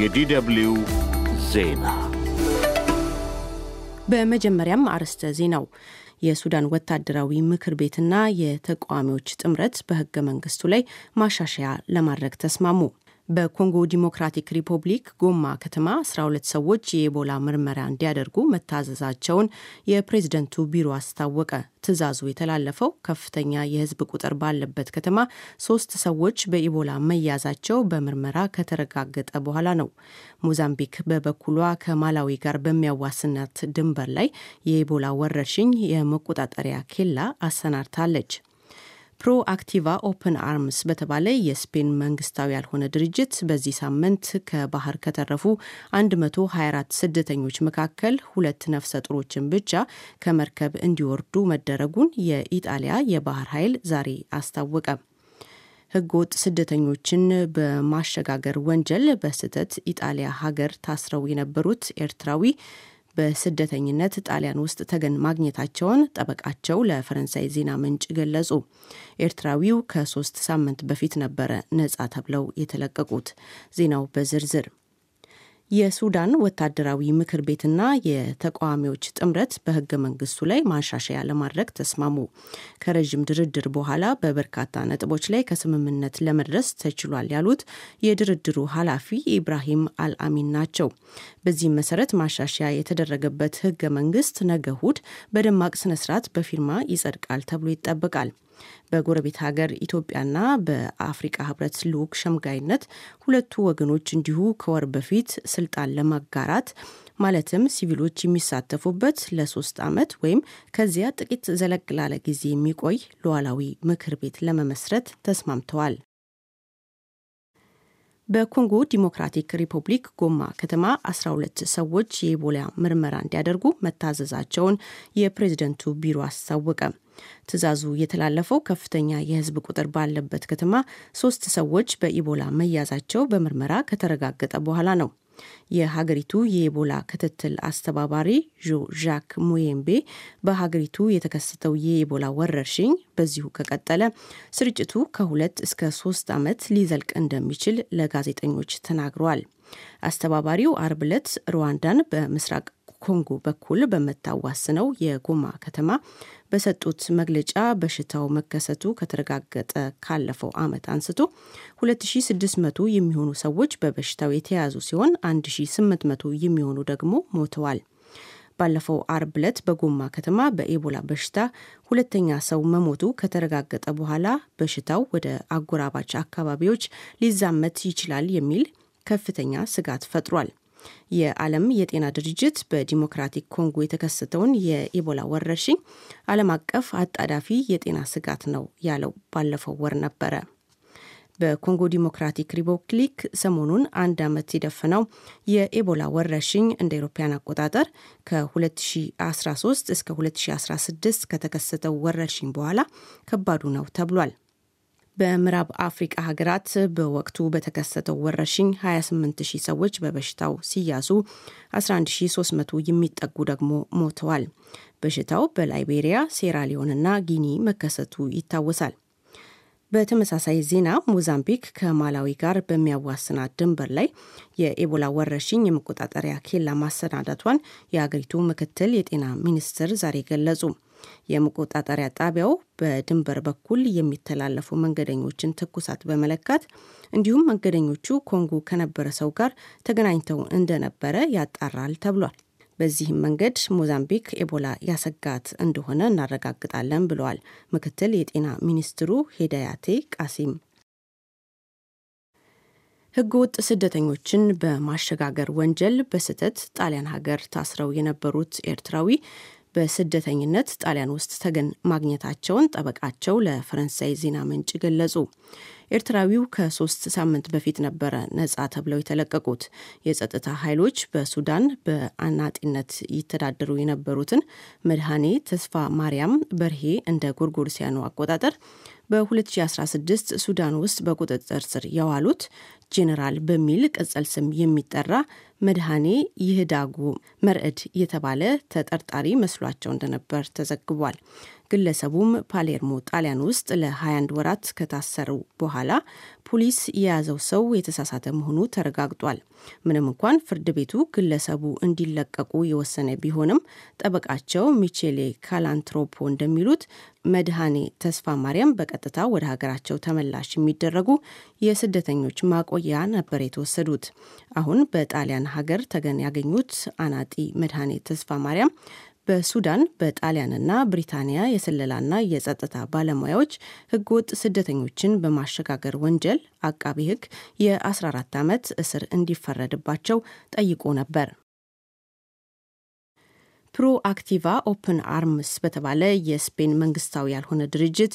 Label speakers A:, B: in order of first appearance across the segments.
A: የዲደብልዩ ዜና በመጀመሪያም አርስተ ዜናው የሱዳን ወታደራዊ ምክር ቤትና የተቃዋሚዎች ጥምረት በህገ መንግስቱ ላይ ማሻሻያ ለማድረግ ተስማሙ። በኮንጎ ዲሞክራቲክ ሪፐብሊክ ጎማ ከተማ 12 ሰዎች የኢቦላ ምርመራ እንዲያደርጉ መታዘዛቸውን የፕሬዝደንቱ ቢሮ አስታወቀ። ትዕዛዙ የተላለፈው ከፍተኛ የሕዝብ ቁጥር ባለበት ከተማ ሶስት ሰዎች በኢቦላ መያዛቸው በምርመራ ከተረጋገጠ በኋላ ነው። ሞዛምቢክ በበኩሏ ከማላዊ ጋር በሚያዋስናት ድንበር ላይ የኢቦላ ወረርሽኝ የመቆጣጠሪያ ኬላ አሰናድታለች። ፕሮአክቲቫ ኦፕን አርምስ በተባለ የስፔን መንግስታዊ ያልሆነ ድርጅት በዚህ ሳምንት ከባህር ከተረፉ 124 ስደተኞች መካከል ሁለት ነፍሰ ጥሮችን ብቻ ከመርከብ እንዲወርዱ መደረጉን የኢጣሊያ የባህር ኃይል ዛሬ አስታወቀ። ህገወጥ ስደተኞችን በማሸጋገር ወንጀል በስህተት ኢጣሊያ ሀገር ታስረው የነበሩት ኤርትራዊ በስደተኝነት ጣሊያን ውስጥ ተገን ማግኘታቸውን ጠበቃቸው ለፈረንሳይ ዜና ምንጭ ገለጹ። ኤርትራዊው ከሶስት ሳምንት በፊት ነበረ ነጻ ተብለው የተለቀቁት። ዜናው በዝርዝር የሱዳን ወታደራዊ ምክር ቤትና የተቃዋሚዎች ጥምረት በህገ መንግስቱ ላይ ማሻሻያ ለማድረግ ተስማሙ። ከረዥም ድርድር በኋላ በበርካታ ነጥቦች ላይ ከስምምነት ለመድረስ ተችሏል ያሉት የድርድሩ ኃላፊ ኢብራሂም አልአሚን ናቸው። በዚህም መሰረት ማሻሻያ የተደረገበት ህገ መንግስት ነገ በደማቅ ስነስርዓት በፊርማ ይጸድቃል ተብሎ ይጠበቃል። በጎረቤት ሀገር ኢትዮጵያና በአፍሪቃ ህብረት ልዑክ ሸምጋይነት ሁለቱ ወገኖች እንዲሁ ከወር በፊት ስልጣን ለማጋራት ማለትም ሲቪሎች የሚሳተፉበት ለሶስት ዓመት ወይም ከዚያ ጥቂት ዘለቅ ላለ ጊዜ የሚቆይ ሉዓላዊ ምክር ቤት ለመመስረት ተስማምተዋል። በኮንጎ ዲሞክራቲክ ሪፐብሊክ ጎማ ከተማ 12 ሰዎች የኢቦላ ምርመራ እንዲያደርጉ መታዘዛቸውን የፕሬዝደንቱ ቢሮ አስታወቀ። ትዕዛዙ የተላለፈው ከፍተኛ የህዝብ ቁጥር ባለበት ከተማ ሶስት ሰዎች በኢቦላ መያዛቸው በምርመራ ከተረጋገጠ በኋላ ነው። የሀገሪቱ የኢቦላ ክትትል አስተባባሪ ዦ ዣክ ሙዬምቤ በሀገሪቱ የተከሰተው የኢቦላ ወረርሽኝ በዚሁ ከቀጠለ ስርጭቱ ከሁለት እስከ ሶስት ዓመት ሊዘልቅ እንደሚችል ለጋዜጠኞች ተናግረዋል። አስተባባሪው አርብ ዕለት ሩዋንዳን በምስራቅ ኮንጎ በኩል በምታዋስነው የጎማ ከተማ በሰጡት መግለጫ በሽታው መከሰቱ ከተረጋገጠ ካለፈው ዓመት አንስቶ 2600 የሚሆኑ ሰዎች በበሽታው የተያዙ ሲሆን 1800 የሚሆኑ ደግሞ ሞተዋል። ባለፈው አርብ ዕለት በጎማ ከተማ በኤቦላ በሽታ ሁለተኛ ሰው መሞቱ ከተረጋገጠ በኋላ በሽታው ወደ አጎራባች አካባቢዎች ሊዛመት ይችላል የሚል ከፍተኛ ስጋት ፈጥሯል። የዓለም የጤና ድርጅት በዲሞክራቲክ ኮንጎ የተከሰተውን የኢቦላ ወረርሽኝ ዓለም አቀፍ አጣዳፊ የጤና ስጋት ነው ያለው ባለፈው ወር ነበረ። በኮንጎ ዲሞክራቲክ ሪፐብሊክ ሰሞኑን አንድ ዓመት የደፈነው የኢቦላ ወረርሽኝ እንደ ኤሮፓያን አቆጣጠር ከ2013 እስከ 2016 ከተከሰተው ወረርሽኝ በኋላ ከባዱ ነው ተብሏል። በምዕራብ አፍሪቃ ሀገራት በወቅቱ በተከሰተው ወረርሽኝ 28000 ሰዎች በበሽታው ሲያዙ 11300 የሚጠጉ ደግሞ ሞተዋል። በሽታው በላይቤሪያ፣ ሴራሊዮንና ጊኒ መከሰቱ ይታወሳል። በተመሳሳይ ዜና ሞዛምቢክ ከማላዊ ጋር በሚያዋስናት ድንበር ላይ የኤቦላ ወረርሽኝ የመቆጣጠሪያ ኬላ ማሰናዳቷን የአገሪቱ ምክትል የጤና ሚኒስትር ዛሬ ገለጹ። የመቆጣጠሪያ ጣቢያው በድንበር በኩል የሚተላለፉ መንገደኞችን ትኩሳት በመለካት እንዲሁም መንገደኞቹ ኮንጎ ከነበረ ሰው ጋር ተገናኝተው እንደነበረ ያጣራል ተብሏል። በዚህም መንገድ ሞዛምቢክ ኤቦላ ያሰጋት እንደሆነ እናረጋግጣለን ብለዋል ምክትል የጤና ሚኒስትሩ ሄዳያቴ ቃሲም። ህገወጥ ስደተኞችን በማሸጋገር ወንጀል በስህተት ጣሊያን ሀገር ታስረው የነበሩት ኤርትራዊ በስደተኝነት ጣሊያን ውስጥ ተገን ማግኘታቸውን ጠበቃቸው ለፈረንሳይ ዜና ምንጭ ገለጹ። ኤርትራዊው ከሶስት ሳምንት በፊት ነበረ ነጻ ተብለው የተለቀቁት። የጸጥታ ኃይሎች በሱዳን በአናጢነት ይተዳደሩ የነበሩትን መድኃኔ ተስፋ ማርያም በርሄ እንደ ጎርጎርሲያኑ አቆጣጠር በ2016 ሱዳን ውስጥ በቁጥጥር ስር የዋሉት ጄኔራል በሚል ቅጽል ስም የሚጠራ መድኃኔ ይህዳጉ መርዕድ የተባለ ተጠርጣሪ መስሏቸው እንደነበር ተዘግቧል። ግለሰቡም ፓሌርሞ ጣሊያን ውስጥ ለ21 ወራት ከታሰሩ በኋላ ፖሊስ የያዘው ሰው የተሳሳተ መሆኑ ተረጋግጧል። ምንም እንኳን ፍርድ ቤቱ ግለሰቡ እንዲለቀቁ የወሰነ ቢሆንም ጠበቃቸው ሚቼሌ ካላንትሮፖ እንደሚሉት መድኃኔ ተስፋ ማርያም በቀጥታ ወደ ሀገራቸው ተመላሽ የሚደረጉ የስደተኞች ማቆያ ነበር የተወሰዱት። አሁን በጣሊያን ሀገር ተገን ያገኙት አናጢ መድኃኔ ተስፋ ማርያም በሱዳን በጣሊያንና ብሪታንያ የስለላና የጸጥታ ባለሙያዎች ህገወጥ ስደተኞችን በማሸጋገር ወንጀል አቃቢ ህግ የ14 ዓመት እስር እንዲፈረድባቸው ጠይቆ ነበር። ፕሮአክቲቫ ኦፕን አርምስ በተባለ የስፔን መንግስታዊ ያልሆነ ድርጅት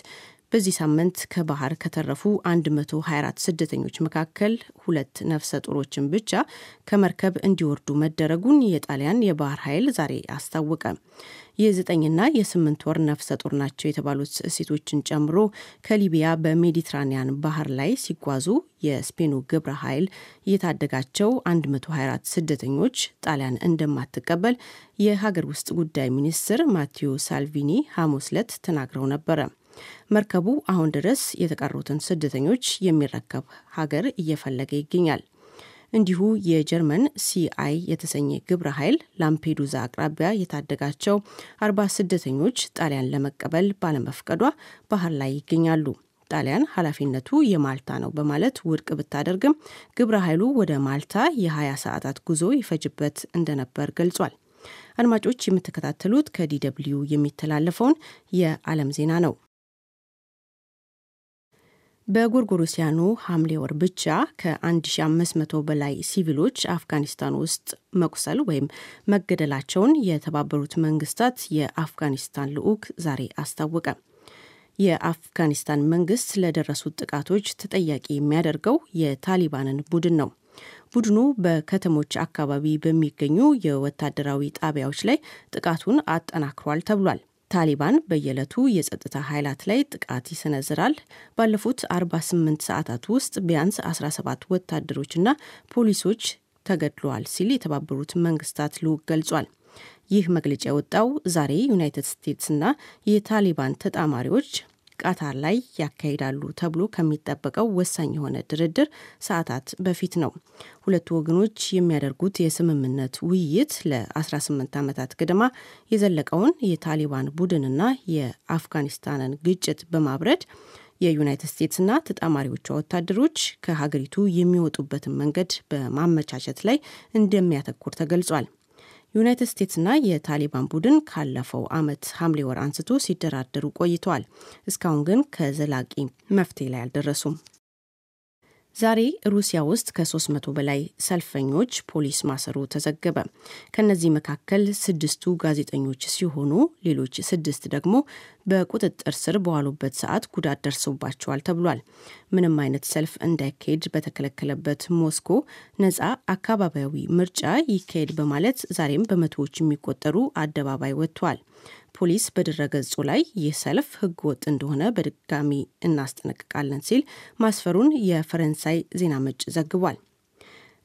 A: በዚህ ሳምንት ከባህር ከተረፉ 124 ስደተኞች መካከል ሁለት ነፍሰ ጡሮችን ብቻ ከመርከብ እንዲወርዱ መደረጉን የጣሊያን የባህር ኃይል ዛሬ አስታወቀ። የዘጠኝና የስምንት ወር ነፍሰ ጡር ናቸው የተባሉት ሴቶችን ጨምሮ ከሊቢያ በሜዲትራኒያን ባህር ላይ ሲጓዙ የስፔኑ ግብረ ኃይል የታደጋቸው 124 ስደተኞች ጣሊያን እንደማትቀበል የሀገር ውስጥ ጉዳይ ሚኒስትር ማቴዎ ሳልቪኒ ሐሙስ ዕለት ተናግረው ነበረ። መርከቡ አሁን ድረስ የተቀሩትን ስደተኞች የሚረከብ ሀገር እየፈለገ ይገኛል። እንዲሁ የጀርመን ሲአይ የተሰኘ ግብረ ኃይል ላምፔዱዛ አቅራቢያ የታደጋቸው አርባ ስደተኞች ጣሊያን ለመቀበል ባለመፍቀዷ ባህር ላይ ይገኛሉ። ጣሊያን ኃላፊነቱ የማልታ ነው በማለት ውድቅ ብታደርግም ግብረ ኃይሉ ወደ ማልታ የ20 ሰዓታት ጉዞ ይፈጅበት እንደነበር ገልጿል። አድማጮች የምትከታተሉት ከዲw የሚተላለፈውን የዓለም ዜና ነው። በጎርጎሮሲያኑ ሐምሌ ወር ብቻ ከ1500 በላይ ሲቪሎች አፍጋኒስታን ውስጥ መቁሰል ወይም መገደላቸውን የተባበሩት መንግስታት የአፍጋኒስታን ልዑክ ዛሬ አስታወቀ። የአፍጋኒስታን መንግስት ለደረሱት ጥቃቶች ተጠያቂ የሚያደርገው የታሊባንን ቡድን ነው። ቡድኑ በከተሞች አካባቢ በሚገኙ የወታደራዊ ጣቢያዎች ላይ ጥቃቱን አጠናክሯል ተብሏል። ታሊባን በየዕለቱ የጸጥታ ኃይላት ላይ ጥቃት ይሰነዝራል። ባለፉት 48 ሰዓታት ውስጥ ቢያንስ 17 ወታደሮችና ፖሊሶች ተገድለዋል ሲል የተባበሩት መንግስታት ልዑክ ገልጿል። ይህ መግለጫ የወጣው ዛሬ ዩናይትድ ስቴትስና የታሊባን ተጣማሪዎች ቃታር ላይ ያካሂዳሉ ተብሎ ከሚጠበቀው ወሳኝ የሆነ ድርድር ሰዓታት በፊት ነው። ሁለቱ ወገኖች የሚያደርጉት የስምምነት ውይይት ለ18 ዓመታት ገደማ የዘለቀውን የታሊባን ቡድንና የአፍጋኒስታንን ግጭት በማብረድ የዩናይትድ ስቴትስና ተጣማሪዎቿ ወታደሮች ከሀገሪቱ የሚወጡበትን መንገድ በማመቻቸት ላይ እንደሚያተኩር ተገልጿል። ዩናይትድ ስቴትስና የታሊባን ቡድን ካለፈው አመት ሐምሌ ወር አንስቶ ሲደራደሩ ቆይተዋል። እስካሁን ግን ከዘላቂ መፍትሄ ላይ አልደረሱም። ዛሬ ሩሲያ ውስጥ ከ300 በላይ ሰልፈኞች ፖሊስ ማሰሩ ተዘገበ። ከነዚህ መካከል ስድስቱ ጋዜጠኞች ሲሆኑ ሌሎች ስድስት ደግሞ በቁጥጥር ስር በዋሉበት ሰዓት ጉዳት ደርሶባቸዋል ተብሏል። ምንም አይነት ሰልፍ እንዳይካሄድ በተከለከለበት ሞስኮ ነጻ አካባቢያዊ ምርጫ ይካሄድ በማለት ዛሬም በመቶዎች የሚቆጠሩ አደባባይ ወጥቷል። ፖሊስ በድረገጹ ላይ ይህ ሰልፍ ህግ ወጥ እንደሆነ በድጋሚ እናስጠነቅቃለን ሲል ማስፈሩን የፈረንሳይ ዜና ምንጭ ዘግቧል።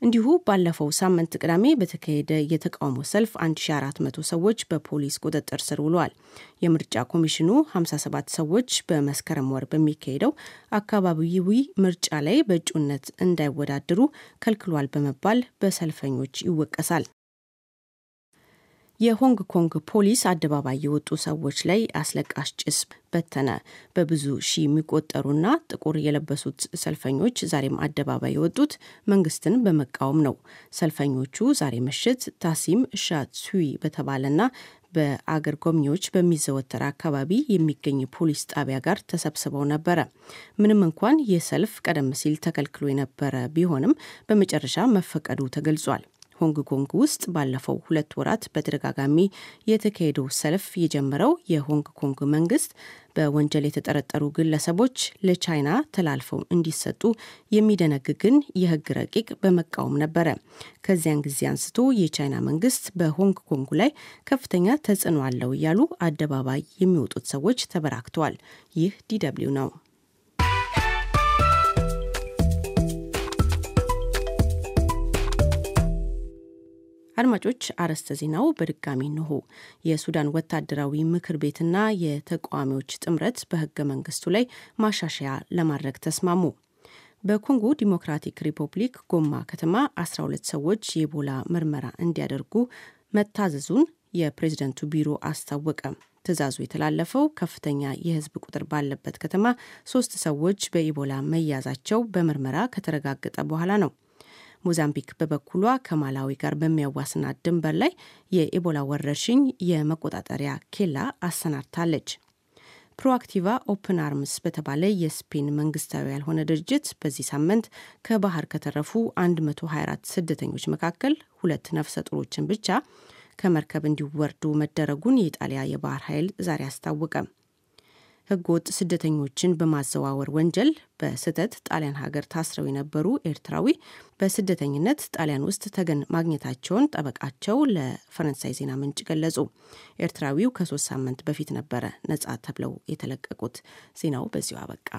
A: እንዲሁ ባለፈው ሳምንት ቅዳሜ በተካሄደ የተቃውሞ ሰልፍ 1400 ሰዎች በፖሊስ ቁጥጥር ስር ውለዋል። የምርጫ ኮሚሽኑ 57 ሰዎች በመስከረም ወር በሚካሄደው አካባቢዊ ምርጫ ላይ በእጩነት እንዳይወዳደሩ ከልክሏል በመባል በሰልፈኞች ይወቀሳል። የሆንግ ኮንግ ፖሊስ አደባባይ የወጡ ሰዎች ላይ አስለቃሽ ጭስ በተነ። በብዙ ሺህ የሚቆጠሩና ጥቁር የለበሱት ሰልፈኞች ዛሬም አደባባይ የወጡት መንግስትን በመቃወም ነው። ሰልፈኞቹ ዛሬ ምሽት ታሲም ሻትሱዊ በተባለና በአገር ጎብኚዎች በሚዘወተር አካባቢ የሚገኝ ፖሊስ ጣቢያ ጋር ተሰብስበው ነበረ። ምንም እንኳን ይህ ሰልፍ ቀደም ሲል ተከልክሎ የነበረ ቢሆንም በመጨረሻ መፈቀዱ ተገልጿል። ሆንግ ኮንግ ውስጥ ባለፈው ሁለት ወራት በተደጋጋሚ የተካሄደው ሰልፍ የጀመረው የሆንግ ኮንግ መንግስት በወንጀል የተጠረጠሩ ግለሰቦች ለቻይና ተላልፈው እንዲሰጡ የሚደነግግን የህግ ረቂቅ በመቃወም ነበረ። ከዚያን ጊዜ አንስቶ የቻይና መንግስት በሆንግ ኮንጉ ላይ ከፍተኛ ተጽዕኖ አለው እያሉ አደባባይ የሚወጡት ሰዎች ተበራክተዋል። ይህ ዲደብሊው ነው። አድማጮች አርዕስተ ዜናው በድጋሚ እንሆ። የሱዳን ወታደራዊ ምክር ቤትና የተቃዋሚዎች ጥምረት በህገ መንግስቱ ላይ ማሻሻያ ለማድረግ ተስማሙ። በኮንጎ ዲሞክራቲክ ሪፐብሊክ ጎማ ከተማ 12 ሰዎች የኢቦላ ምርመራ እንዲያደርጉ መታዘዙን የፕሬዝደንቱ ቢሮ አስታወቀ። ትዕዛዙ የተላለፈው ከፍተኛ የህዝብ ቁጥር ባለበት ከተማ ሶስት ሰዎች በኢቦላ መያዛቸው በምርመራ ከተረጋገጠ በኋላ ነው። ሞዛምቢክ በበኩሏ ከማላዊ ጋር በሚያዋስናት ድንበር ላይ የኢቦላ ወረርሽኝ የመቆጣጠሪያ ኬላ አሰናድታለች። ፕሮአክቲቫ ኦፕን አርምስ በተባለ የስፔን መንግስታዊ ያልሆነ ድርጅት በዚህ ሳምንት ከባህር ከተረፉ 124 ስደተኞች መካከል ሁለት ነፍሰ ጡሮችን ብቻ ከመርከብ እንዲወርዱ መደረጉን የኢጣሊያ የባህር ኃይል ዛሬ አስታወቀም። ህገወጥ ስደተኞችን በማዘዋወር ወንጀል በስህተት ጣሊያን ሀገር ታስረው የነበሩ ኤርትራዊ በስደተኝነት ጣሊያን ውስጥ ተገን ማግኘታቸውን ጠበቃቸው ለፈረንሳይ ዜና ምንጭ ገለጹ። ኤርትራዊው ከሶስት ሳምንት በፊት ነበረ ነጻ ተብለው የተለቀቁት። ዜናው በዚሁ አበቃ።